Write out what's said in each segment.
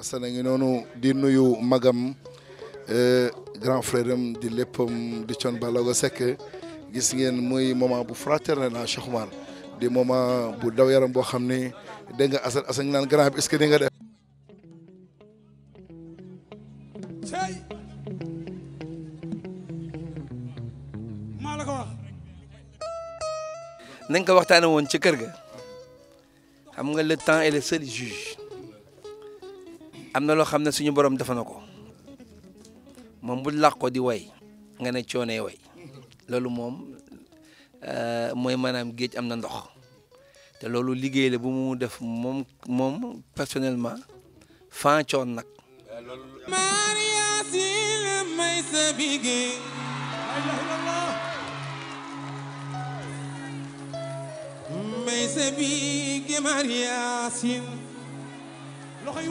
Assane ngi noonu di nuyu magam eh, grand frère di léppam di Thione Ballago Seck gis ngeen muy moment bu fraternel na ah, Cheikh Oumar di moment bu daw yaram boo xam ni dégg nga Assane ngi naan grand bi est-ce di nga def maa la ko wax woon ci kër ga xam nga le temps est le juge am na loo xam ne suñu borom defa na ko moom bu làq di way nga ne coonee way loolu moom euh, mooy maanaam géej am na ndox te loolu liggéey la bu mu def moom moom personnellement fan coon nag may sa bige mariasin loxoy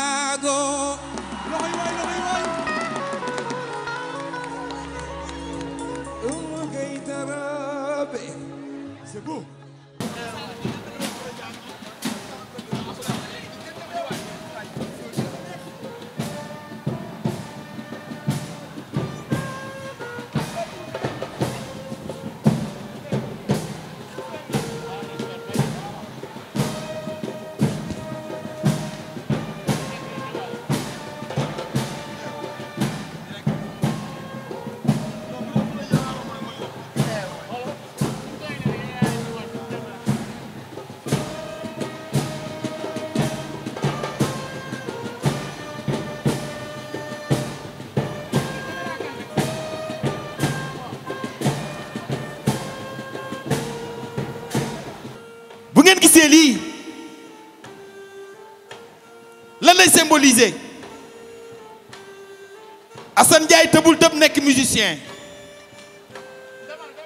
lii lan lay symboliser Hassan Diaye tëbul tëb nekk musicien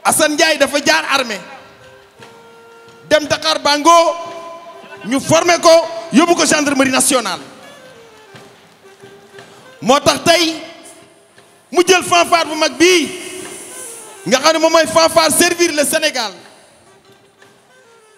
Assane Ndiaye dafa jaar armée dem Dakar Bango ñu formé ko yóbbu ko gendarmerie nationale moo tax tey mu jël fanfare bu mag bii nga xam ne moom fanfare servir le Sénégal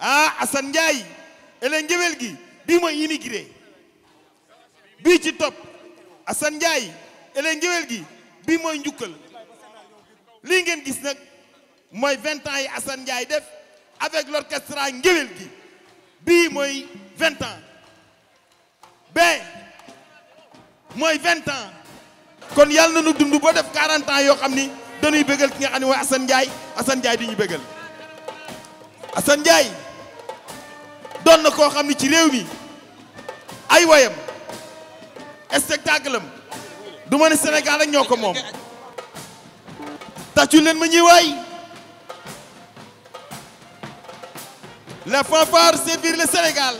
Ah, Ndiaye elengivelgi, Ndiabel qui bichitop, un immigré qui est top Hassan Ndiaye Hélène Ndiabel qui est un 20 ans Hassan Ndiaye avec l'orchestre Ndiabel qui est 20 ans ben moi 20 ans quand Dieu nous a 40 ans donnez-vous à Hassan Ndiaye Hassan Ndiaye Hassan Ndiaye Hassan Ndiaye Donne na koo xam ci rew mi ay wayam spectacle am du ma ne Sénégal ak ñoko mom moom tàccul le ma ñi way la fanfare servir le Sénégal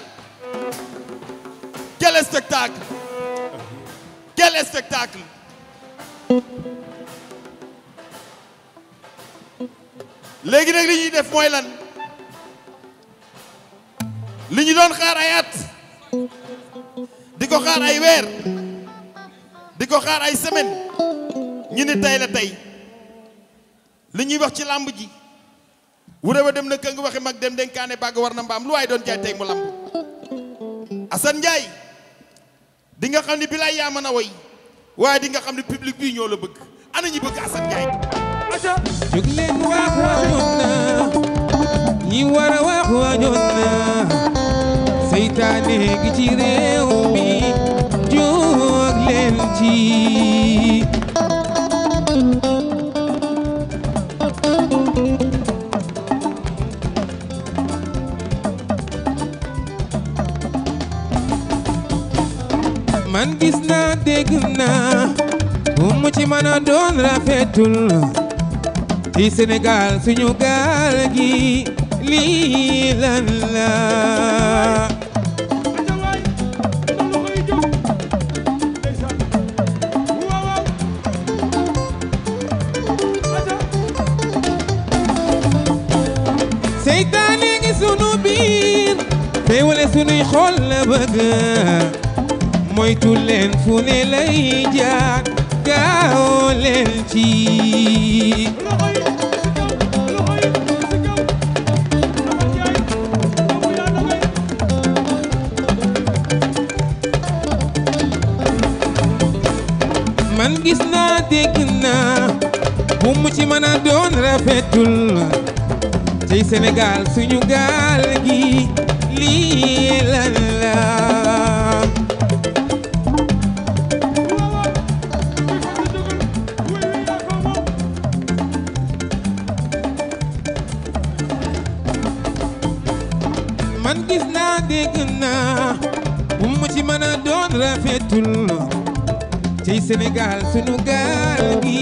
quel spectacle quel spectacle les nak li ñuy def lan li ñu doon xaar ay at di ko xaar ay weer di ko xaar ay semaine ñu ni tay la tay li ñuy wax ci lamb ji wuré dem na këng waxi mag dem kané bag war na mbam lu way doon jaay tay mu lamb asan jaay di nga xamni bilay ya yaa way way di nga xamni public bi ñoo la bëgg ana ñi bëgg asan jaay jóg leen wax waajoon na ñi war a wa waajoon na seytaane gi ci réew mi jóg leen ci man gis naa dégg naa bu mu ci mën a doon rafetul ci Sénégal suñu gaal gi lii lan la xéewale sunuy xol la bëgg moytu leen fu ne lay jaar gaaw leen ci man gis naa dégg naa bu mu ci mën a doon rafetul ci Sénégal suñu gaal gi سبيلا man gis naa dégg naa bu mu ci mën a doon rafetul Sénégal sunu gi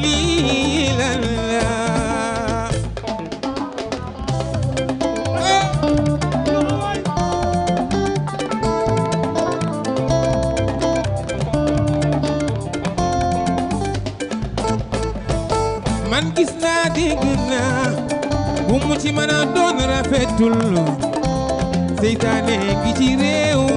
lii lan ci mën a doon rafetul seytaane gi ci réew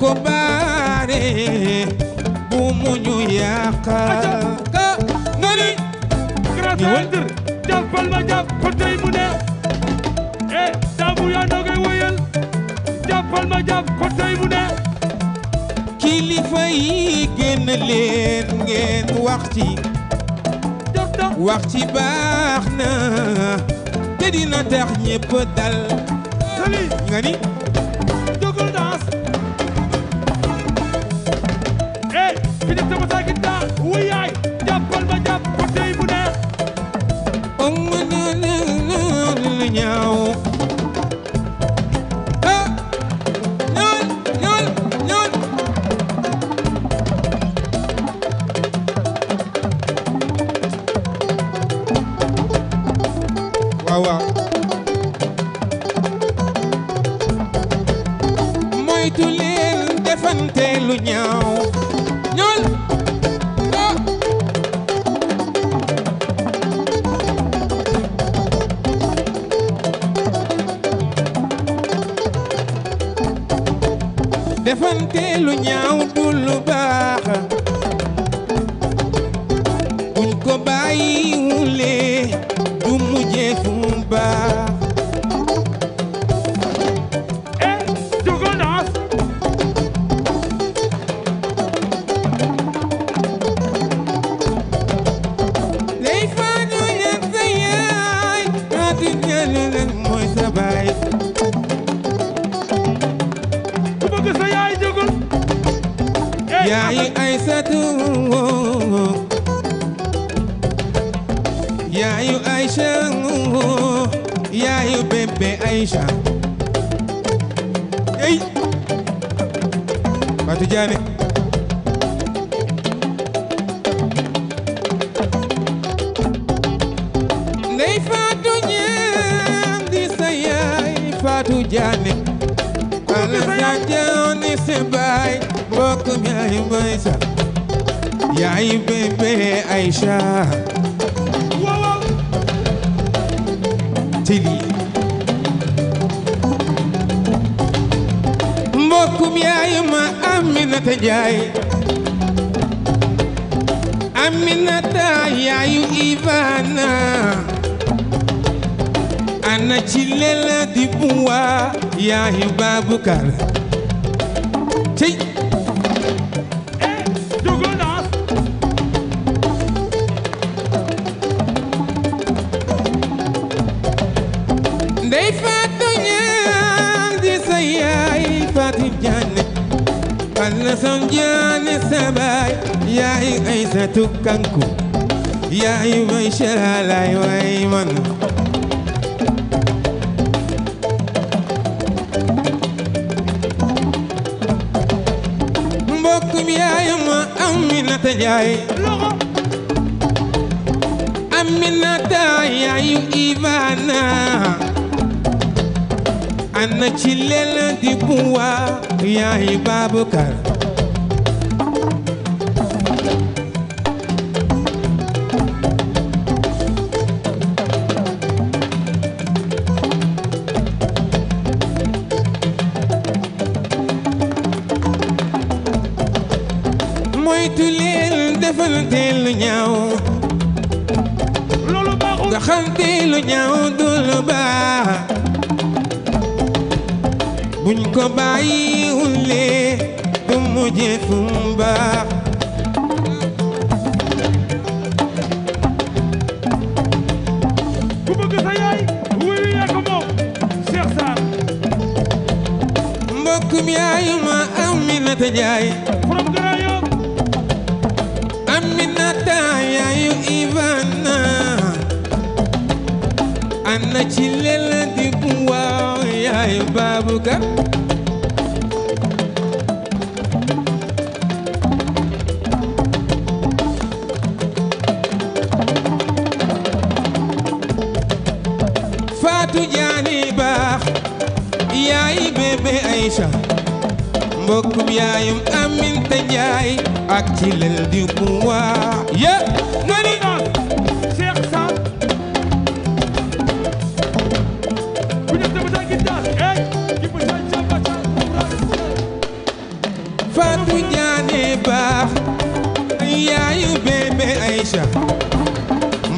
ko baare bu mu ñu yàqal ka nga ni grasaadir ma jàpp ko tey mu ne ee eh, daamu yaa ndogay woyal jàppal ma jàpp ko tey mu ne kilifa yi génn len ngeen wax ci wax ci baax na te dina tax ñépp dal nga ni yaayu Aïcha yaayu bébé Aïcha ey Fatou Diané ndey Fatou Ñaan di sa yaay Fatou Diané ala sa jaani si baay bokk mi ay yaay bébé Aïcha waaw tili mbokkum yaay ma Aminata Njaay Aminata yaayu Ivana ana ci lela di buwa yaayu Babukar tukkanku yaay may calaay way man mbokk mi ma Aminata Njaay Ivana ana ci lela di buwa yaayu Babakar lu ñaaw du lu baax buñ du mujje fu baax bëgg sa yaay wuy yaa ko moom Cheikh Sarr mbokkum yaay ma Aminata Jaay ana ci lela di bu waaw yaay baabu ka faatu jaani baax yaay bébé ak ci di bu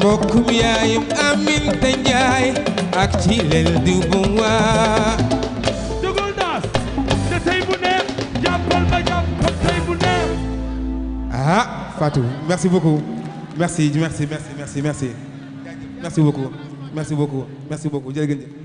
mbokkum yaayam Aminta Njaay ak ci leel di bu waa dugul tey bu neex jappal ba japp ko tey bu neex ah Fatou merci beaucoup merci merci merci merci merci merci beaucoup merci beaucoup merci beaucoup jërëjëf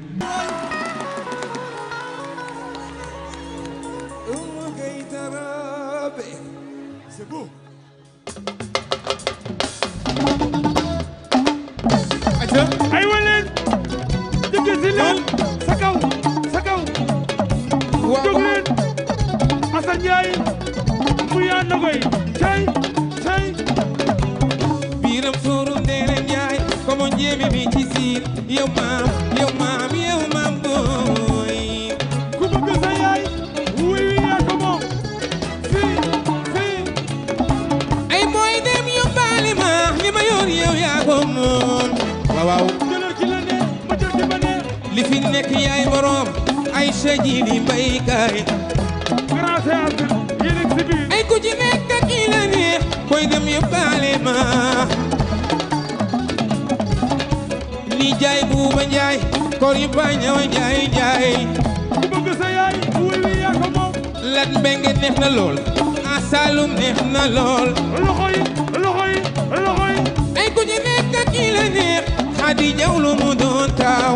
Njaay buuba Njaay kor yi ba ñaw Njaay Njaay ku bëgg sa yaay wuy wi yaa ko moom lat mbenge neex na lool a Saalum neex na lool loxo yi loxo yi loxo yi ay ku ci nekk ak ki la neex Xadi Jaw lu mu doon taaw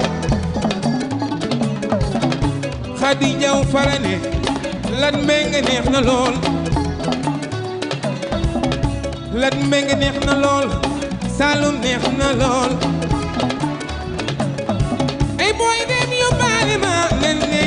Xadi Jaw farane lat mbenge neex na lool lat mbenge neex na lool Saalum neex na lool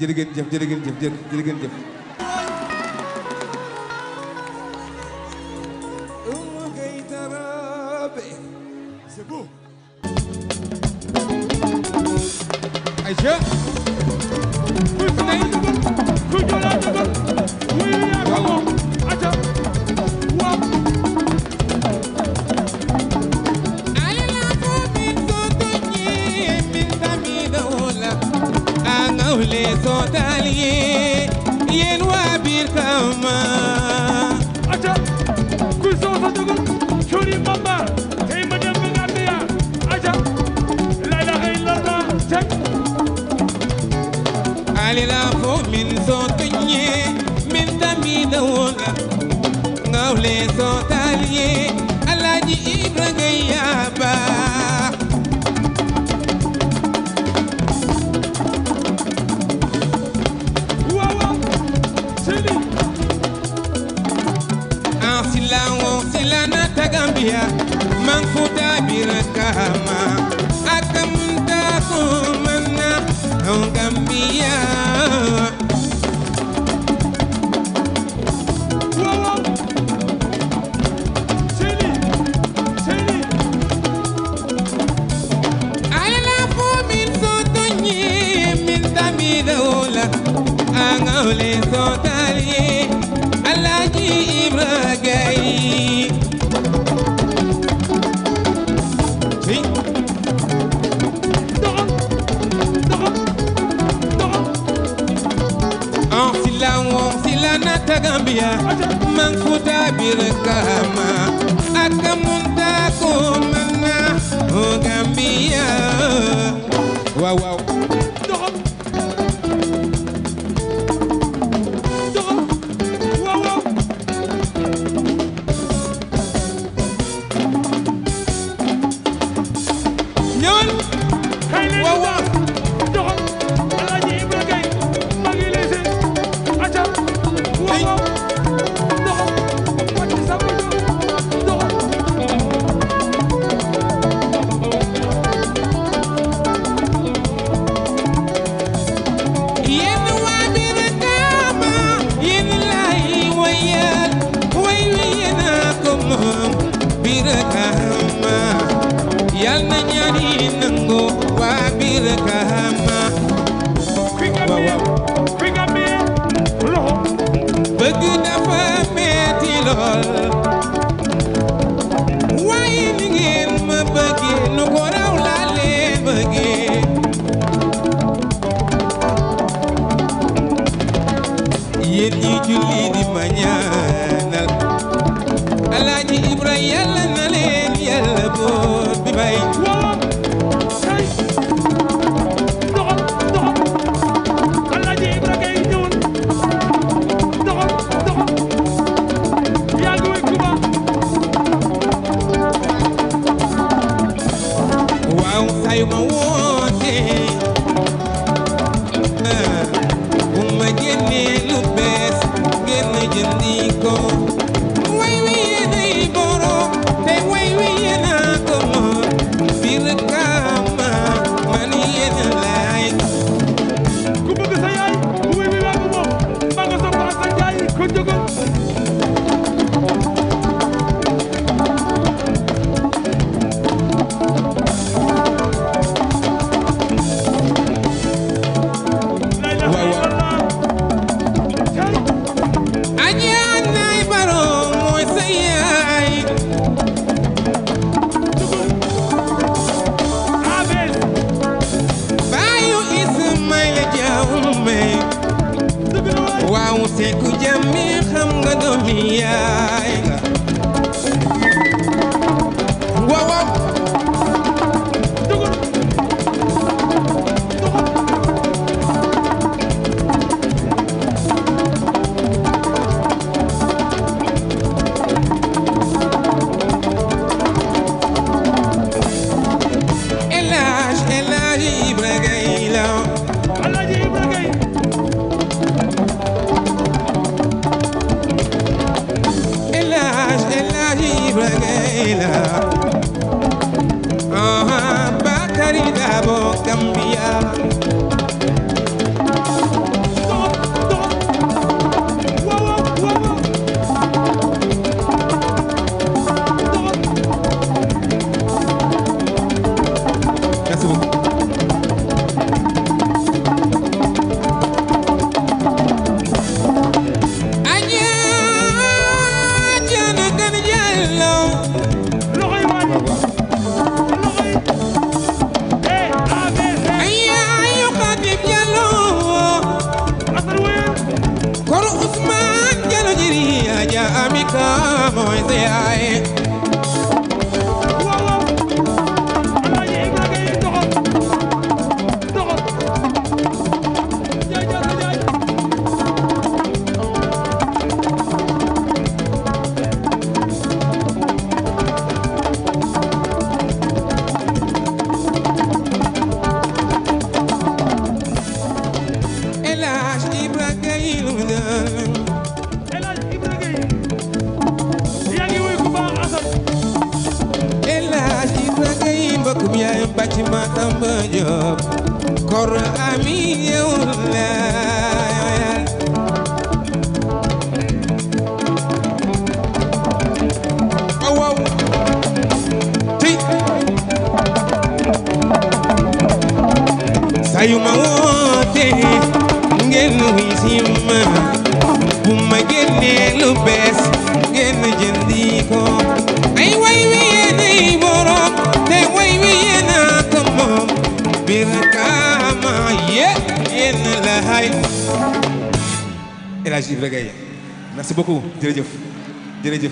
jërë ngeen jëf jërë ngeen jëf jërë ngeen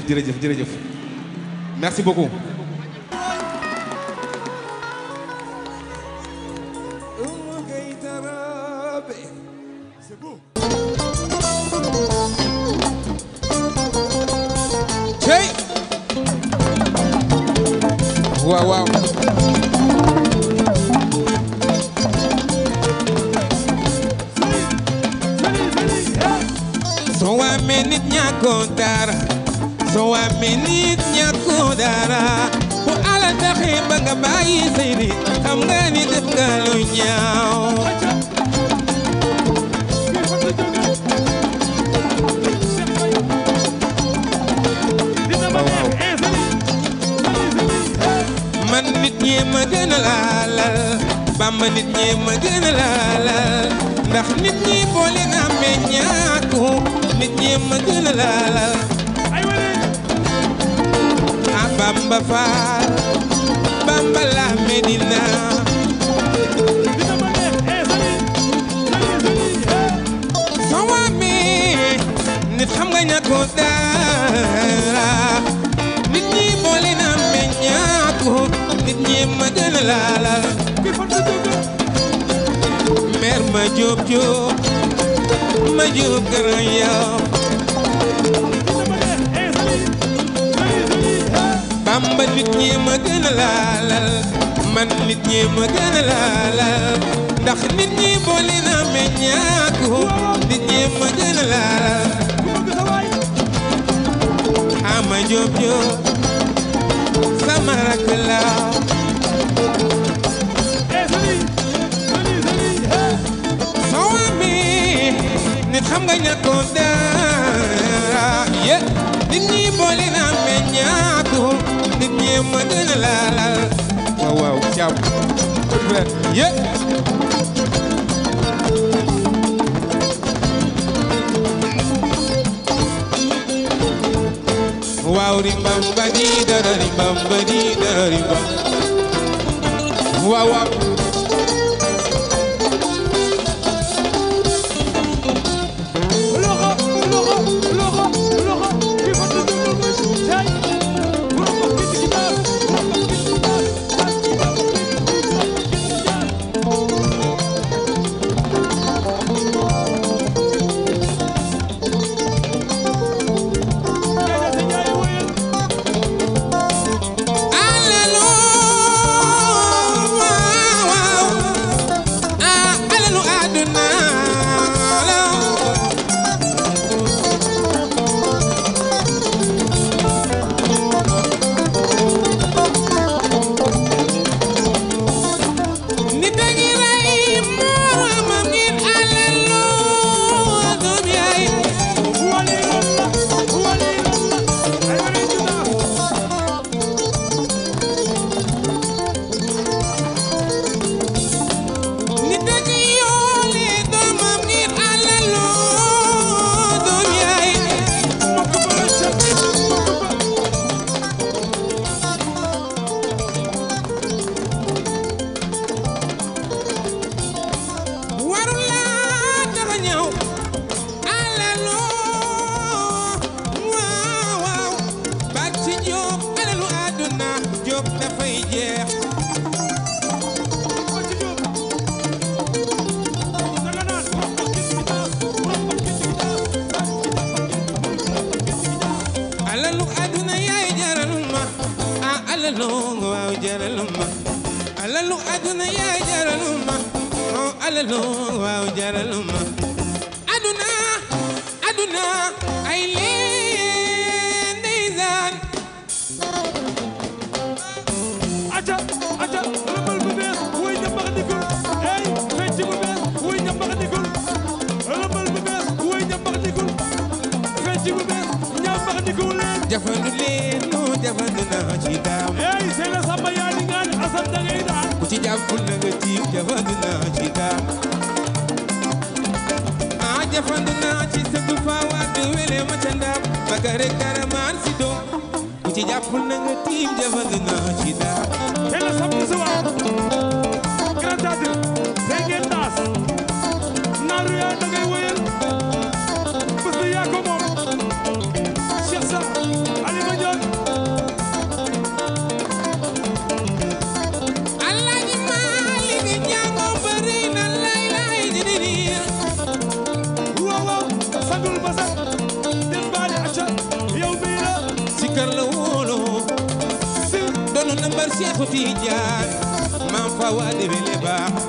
jërëjëf jërëjëf merci beaucoup jóob jóob ma jóob gërëm yow bamba nit ñi ma gën a laalal man nit ñi ma gën a laalal ndax nit ñi boole na meññaaku nit ñi ma gën a laalal ama jóob jóob sama rakk nit xam nga ñàkkoo dara ye nit ñi boole naan mais ma gën a laalal waaw waaw caaw ye waaw rimbam ba di dara rimbam ba jafandu naa ci sëb faaw ak wele ma ca ndaam bagare karamaan si doom ku ci jàppul na nga tiim jafandu naa ci daam xu tiijaan maam fa waa di wele baax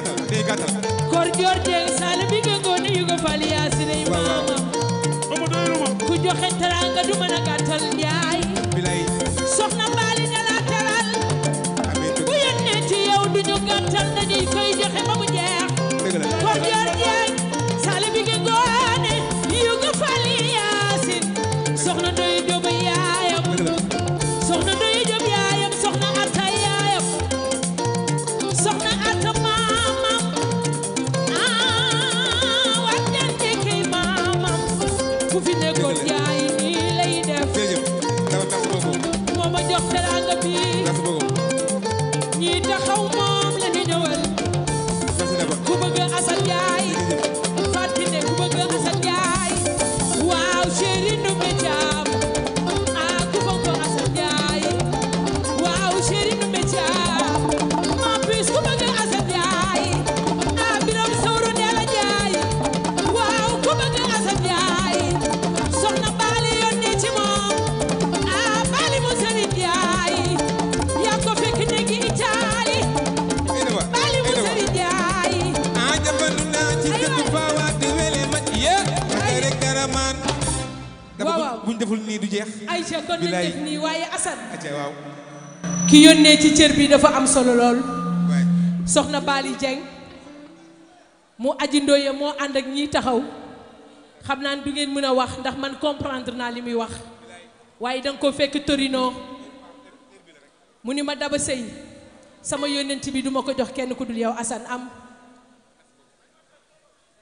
gàttal day gàttal. Kor Joor Dieng nii du jeex. Aïcha kon nañ def nii waaye Assane. Aïcha ki yónnee ci cër bi dafa am solo lool. soxna Bali Dieng mu aji ndoye moo ànd ak ñiy taxaw xam naa du ngeen mën a wax ndax man comprendre naa li muy wax waaye danga ko fekk torinoo mu ni ma daba sëy sama yónnent bi duma ko jox kenn ku dul yow Assane am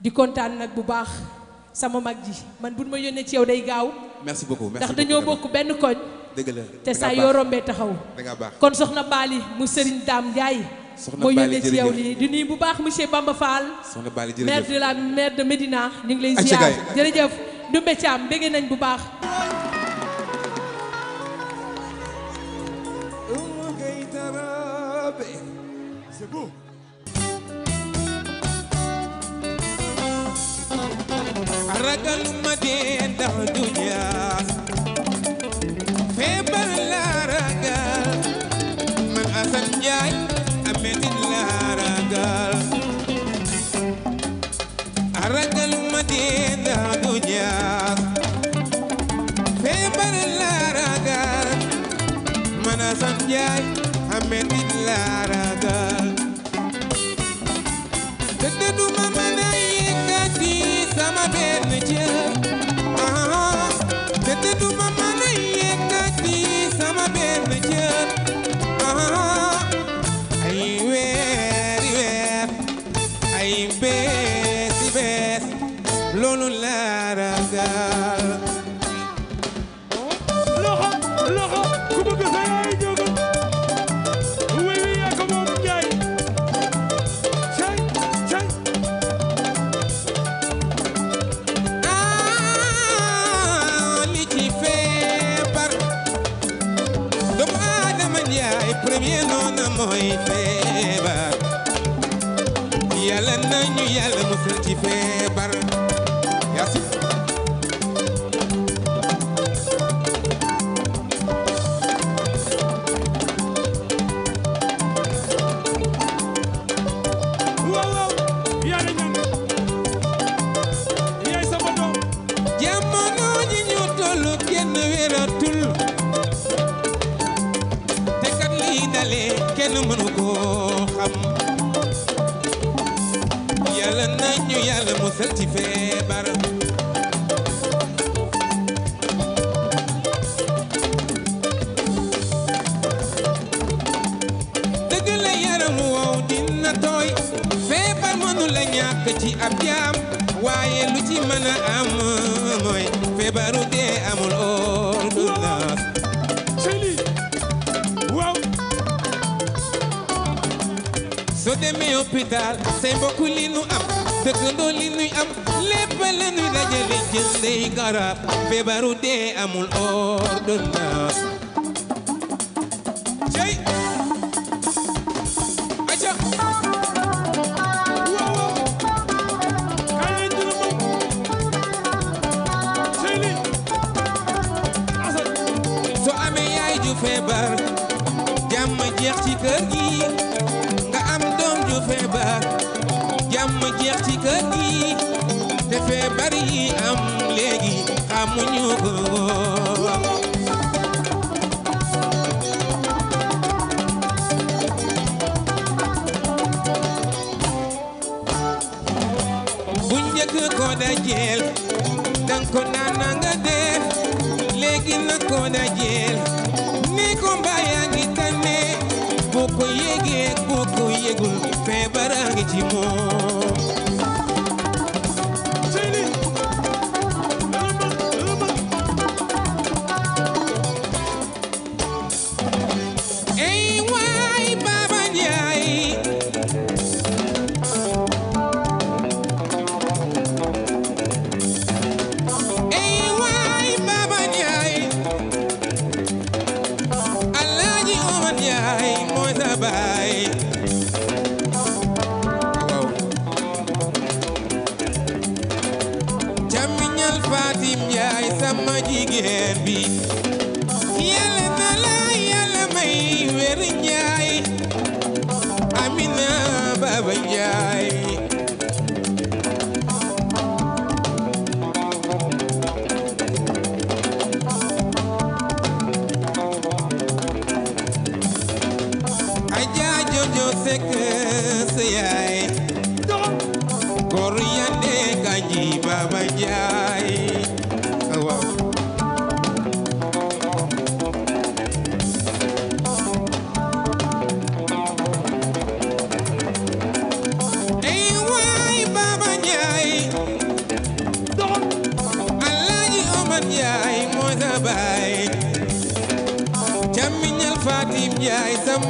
di kontaan nag bu baax. sama mag ji man bu ma yónnee ci yow day gaaw. merci beaucoup merci beaucoup ndax dañoo bokk benn koñ. dëgg la te saa yoo rombee taxaw. da ngaa baax kon soxna Bali mu Serigne Dame Ndiaye. soxna Bali jërëjëf moo yónnee ci yow lii di nuyu bu baax monsieur Bamba Fall. soxna Bali jërëjëf maire de la maire de Médina. ñu ngi lay ziar jërëjëf. Ndoumbé Thiam bëgg nañ bu baax. ragal ma dee ndax du ñaa soo demee hôpital say mbokk li nu am dëkkandoo li nuy am lépp la nuy dajale jëndee garab feebaru dee amul ordonnance moo jeex ci kër gi dafee bari am léegi xamuñu ko bu njëkk koo dajeel dang ko naan na nga na koo dajeel ni ko mbaa yaa tane boo ko yégee boo ko yégul feebaraa ngi ci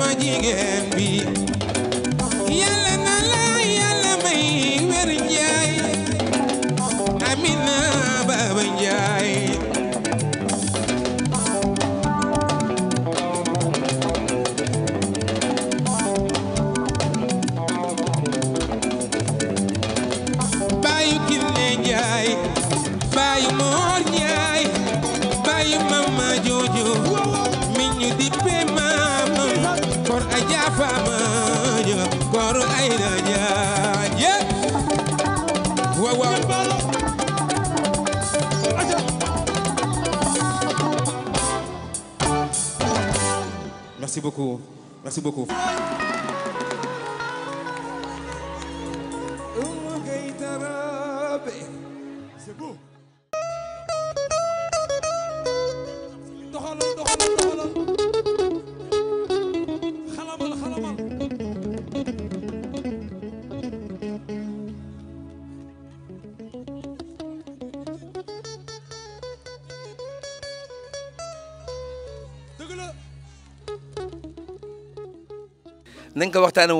Wadi Gembi. Merci beaucoup. Merci beaucoup.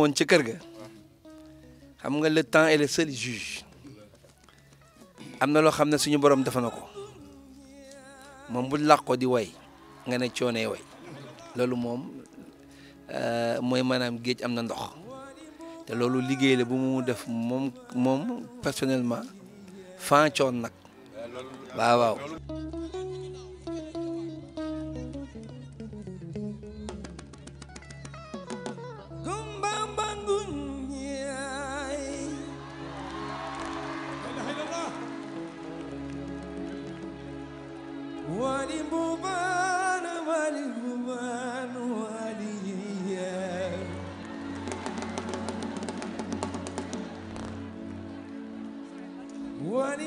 woon ci kër ga xam nga le temps est le seul juge am na loo xam ne suñu borom dafa na ko moom bu làqoo di way nga ne coonee way loolu moom euh, mooy maanaam géej am na ndox te loolu liggéey la bu mu def moom moom personnellement fan coon nag waaw waaw Wani,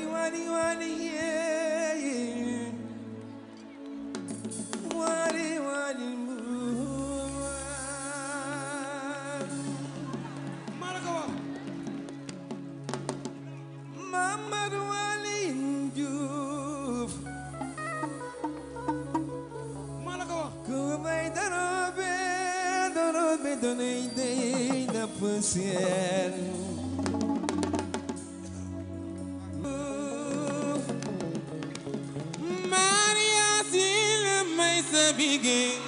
wani, wani, yeah. especial. Maria Sila my sabigay.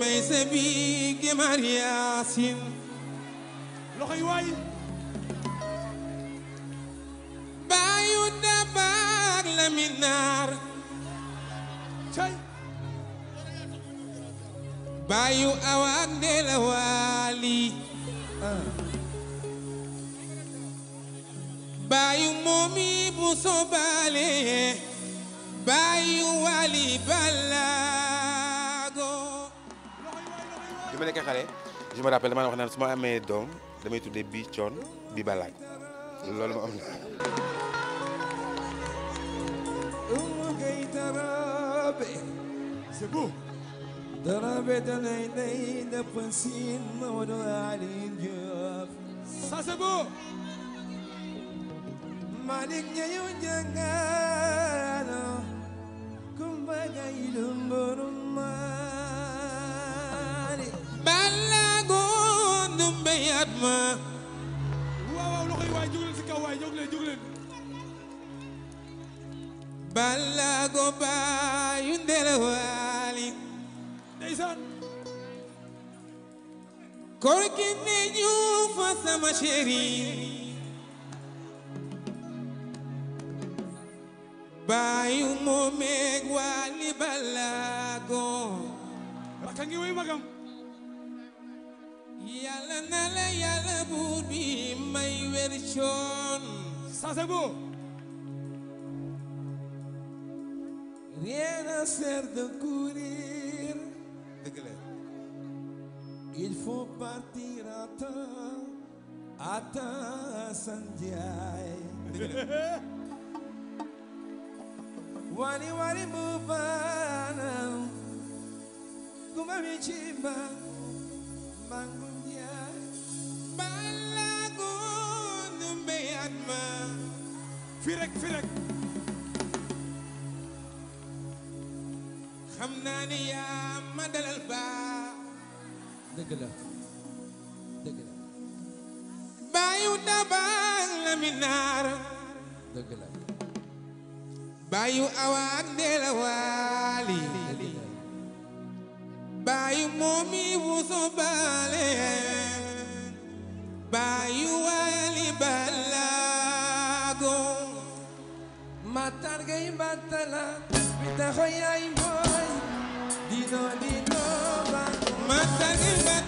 My sabigay Maria je me rappelle damay wax naan su amee doom damay tuddee bii coon bi balaag loolu ma am na. C'est beau. Ça c'est beau. Malik ñayu jangana kumbaga ilumburum mali. at ma waaw waaw loxo ki ne ñu fa sama chéri baayu moomeeg waali balago ka ngi way magam yàlla na la yàlla buur bi may wér coon sa c'est beau rien ne sert de courir dëgg la il faut partir à temps à temps sandiaay wali wali mubana kumamichimba mangu fii rek fii rek xam naa ni yaa ma dalal baa dëgg la dëgg la baayu dabaag la mi naar dëgg la baayu awaag dee la waali baayu moomi wuso baale baayu waay Matar gay batala Bita hoyay boy Dino dino Matar gay batala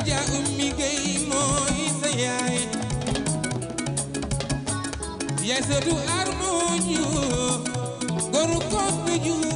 aja ummi gay mooy sa yaay yaay sa du armooñu goru kopp ju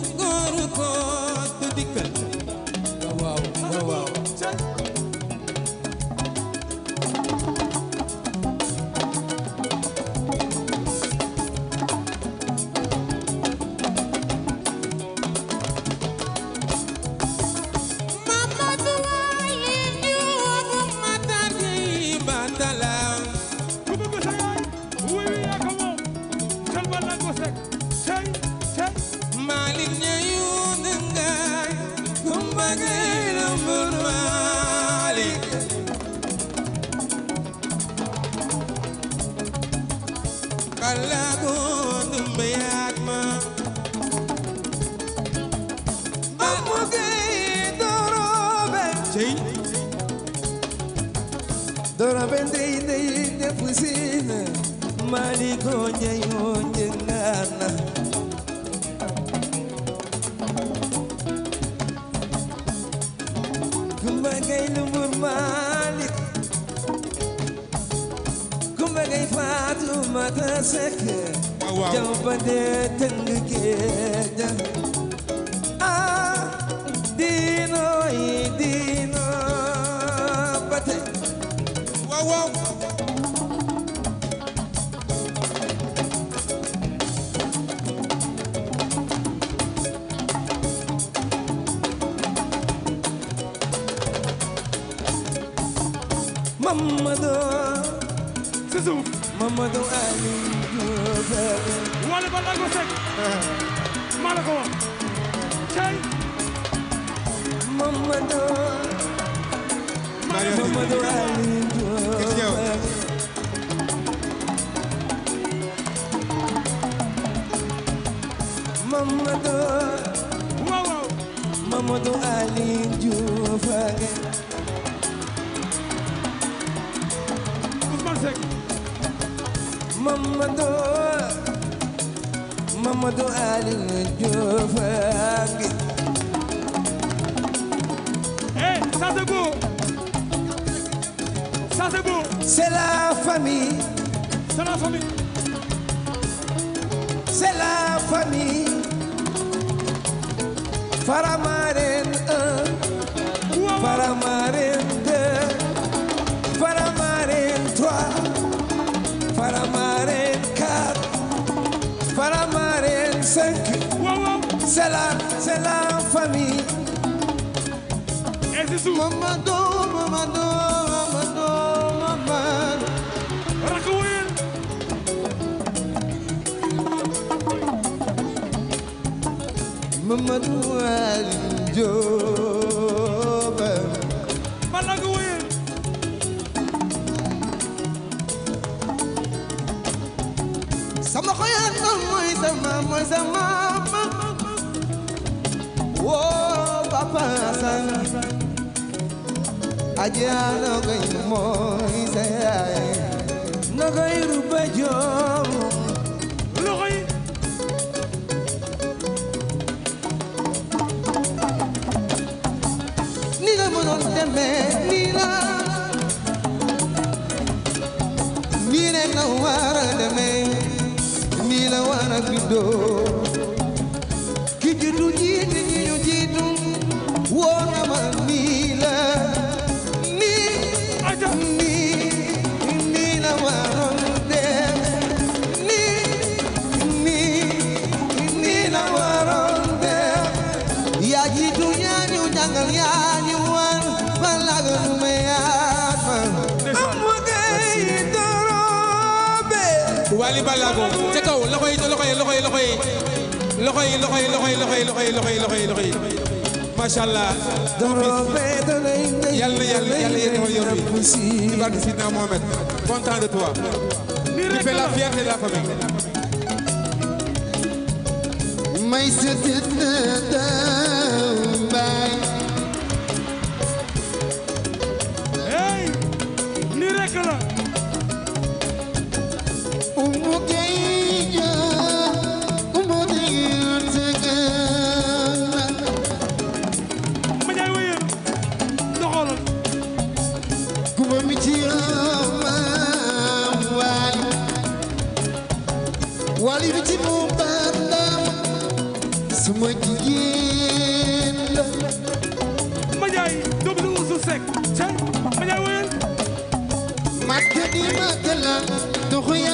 Seck Mamadou Mamadou Alioune Diouf angi eh ça c'est beau ça c'est beau c'est la famille c'est la famille c'est la famille Faramareen la, c'est la famille. Et c'est tout. Maman, maman, maman, maman. Rakouin. Maman, Job. Malagouin. Sama koyan, sama, sama, sama. Papa San aja mooy sa yaay nogay ruba joom loxoy la mënoon demee nii la nii la war a nii la war a ko ca kaw loxo yi loxo yi loxo yi loxo yi loxo yi loxo yi loxo yi loxo yi loxo yi loxo yi loxo yi macha allah. yàlla na yàlla yàlla yéen a yor bi ci barke Sidna Mohamed content de toi. tu fais la fierté de la famille. ما تلا تخيا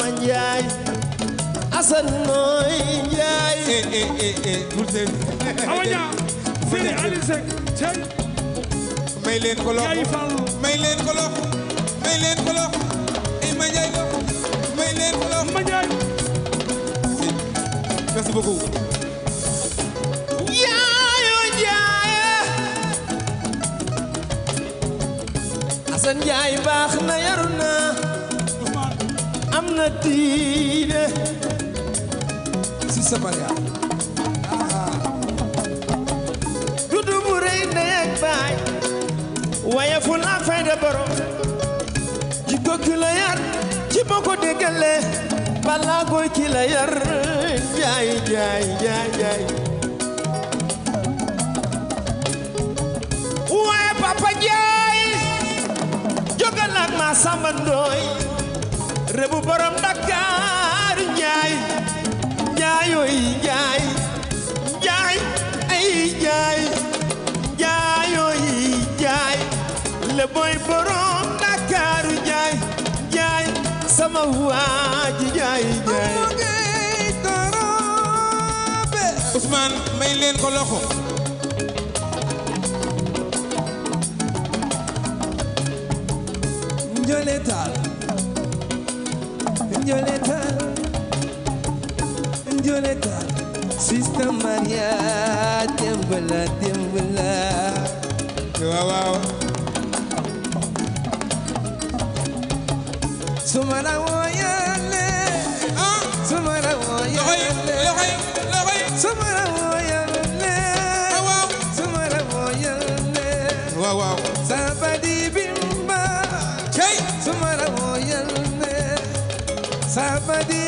Njaay Asan mooy Njaay awa ñaa Sëriñ Ali Seck cey may leen ko loxo Njaay Fall may leen ko loxo may leen ko loxo ma Njaay ko may leen ko loxo ma Njaay merci beaucoup Njaayo Njaay Asan Njaay baax na yaru na am si sa bariya juddu ah. bu rëy nekk baay waaye ful ak fayda borom ji ko yar ci ma ko déggale balaa koy ki yar jaay jaay jaay jaay waaye papa jaay jogal ak ma ndooy rebu borom Dakar njaay njaayooy njaay njaay ay njaay njaayooy njaay le boy borom Dakar njaay njaay sama waaji njaay njaay Ousmane may leen ko loxo njole taal Njoleta Njoleta Sista Maria Dembala Dembala waaw waaw sumara woo yàlla ah, sumara woo yàlla sumara woo yàlla sumara woo yàlla waaw waaw sabadi Samadi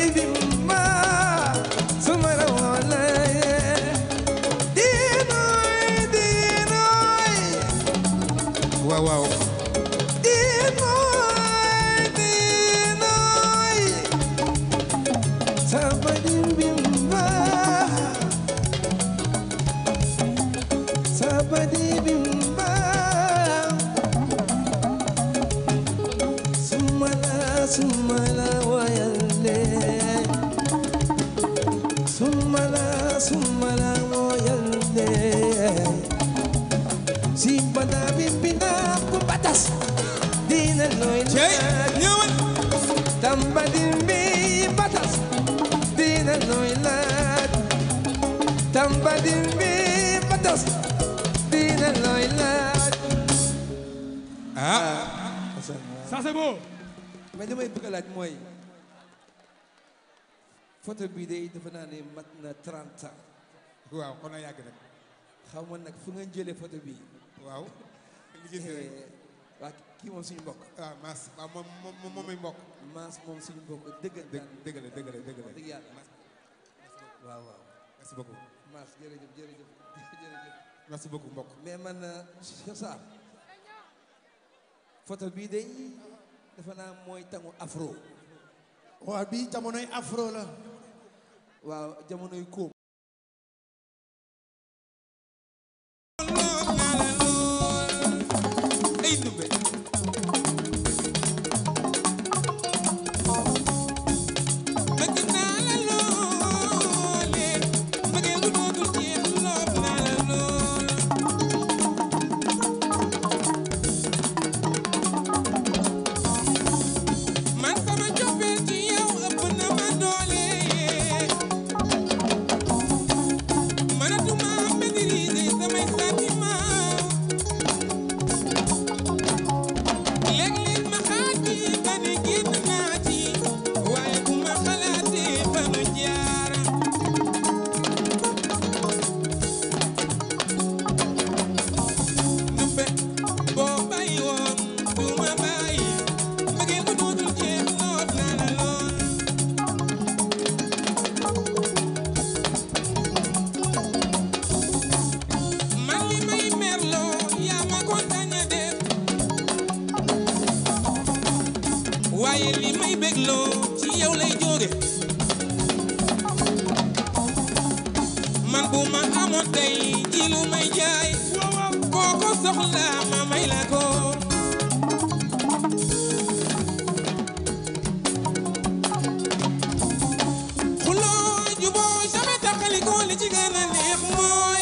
ça c'est beau mais damay bëgg a laaj mooy photo bii day dafa naa ne mat na 30 ans waaw kon a yàgg nag xaw ma nag fu nga jëlee photo bii waaw waa kii moom suñu mbokk. ah Mass waaw moom moom moom mi mbokk. moom suñu mbokk dëggal. dëgg dëgg la dëgg la dëgg yàlla. waaw waaw. merci beaucoup. Mass jërëjëf jërëjëf jërëjëf. merci beaucoup man euh, Cheikh Sarr photo bii de dafa naa mooy tangu afro. waaw bii jamonoy afro la. waaw jamonoy kóob. gonna live more.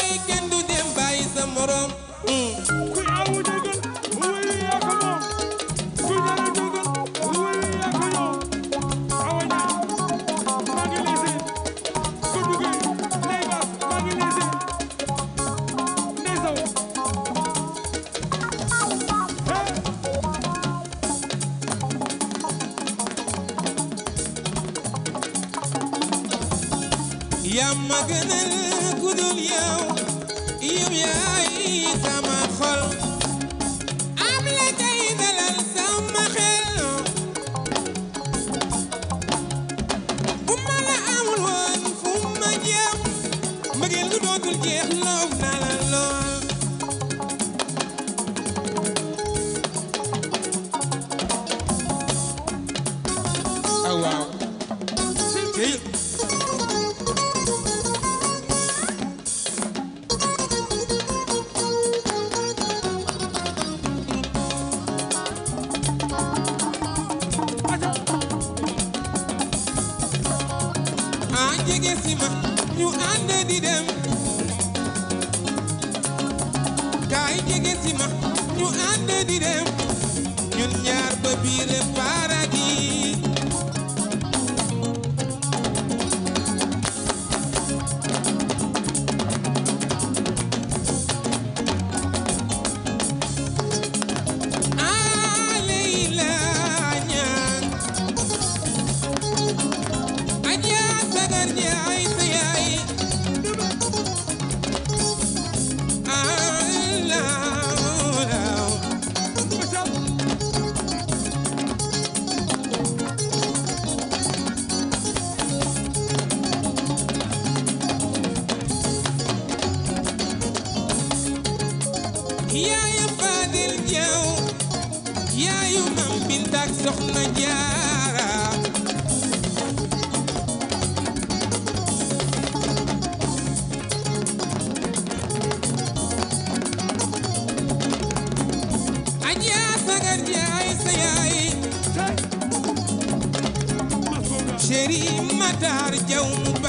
matar jaumu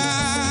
tonight.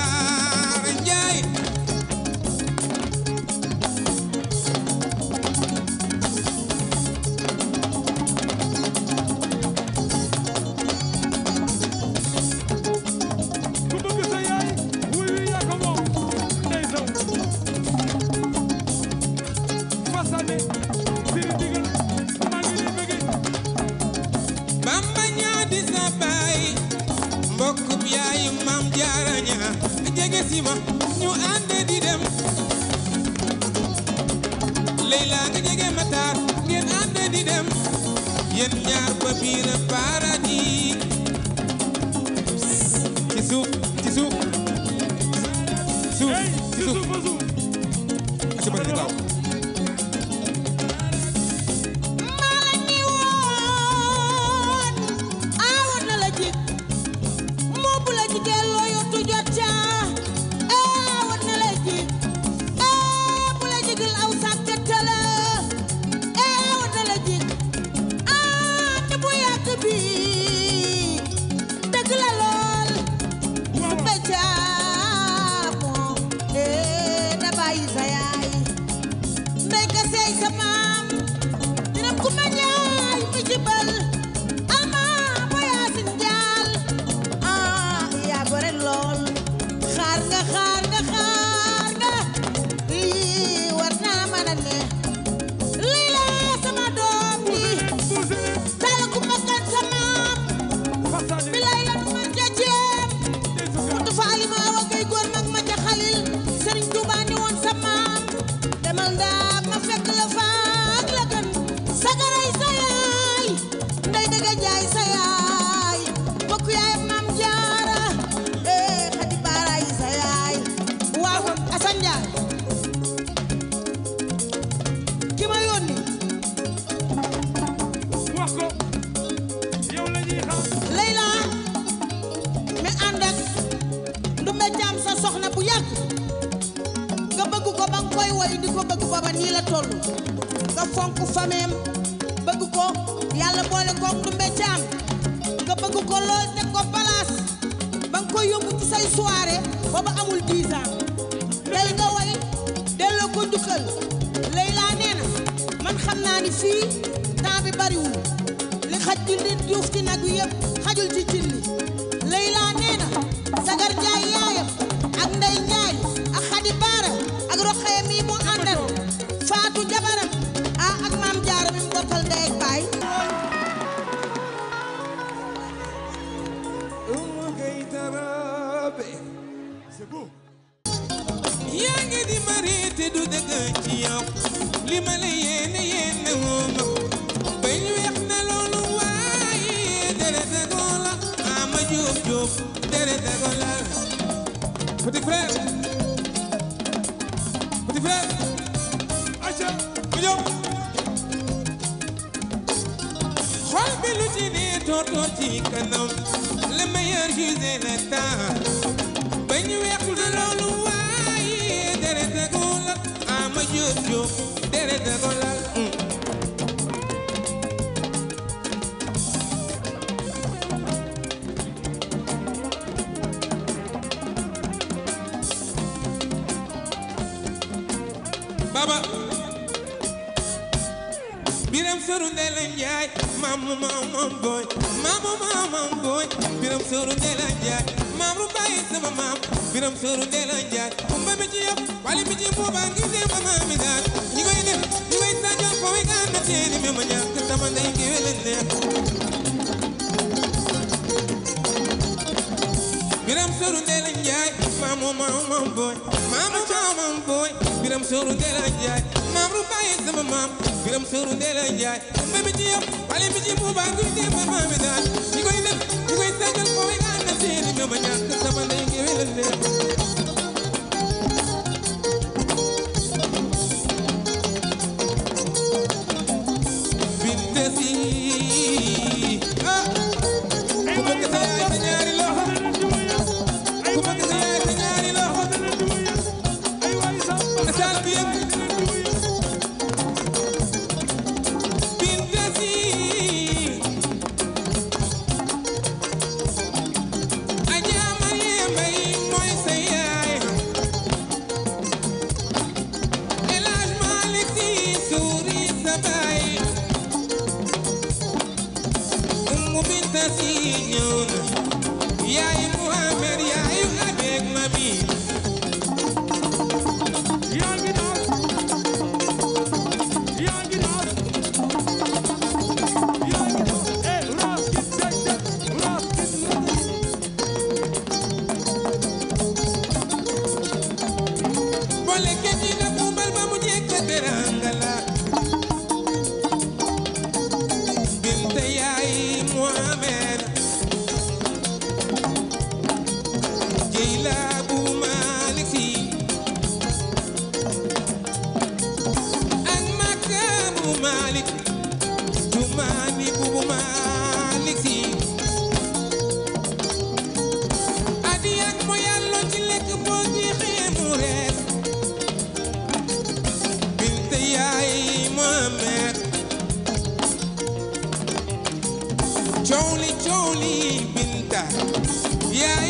biram sëru ndela njaay maamu maamam booy maamu maamam booy biram sëru ndela njaay maam ru bàyyi sama maam biram sëru ndela njaay kumba mi ci yëpp wali mi ci buuba ngi dee ma maami daal ñi koy def ñi koy sànjal ko wi gaan na teeni mi ma ñàkk sama ndey ngi wele neex biram sëru ndela njaay maamu maamam booy maamu maamam booy biram sëru ndela njaay maam ru bàyyi sama maam biram suuru ndee lay jaay kumba mi ci yam ale mi ci buubaa guy dee man maa mi daan ñi koy lëg ñi koy sàngal foofu gaa na seeni ñooma ñàkk sama ndey Jolie Pinta. yeah.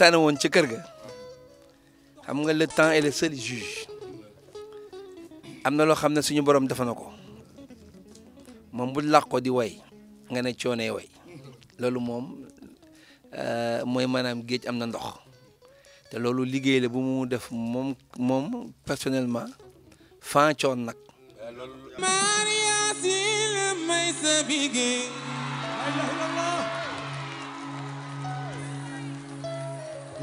waxtaane woon ci kër ga xam nga le temps est le seul juge am na loo xam ne suñu borom defa na ko moom bu làq di way nga ne coonee way loolu moom euh, mooy maanaam géej am na ndox te loolu liggéey la bu mu def moom moom personnellement fan coon nag maria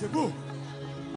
C'est beau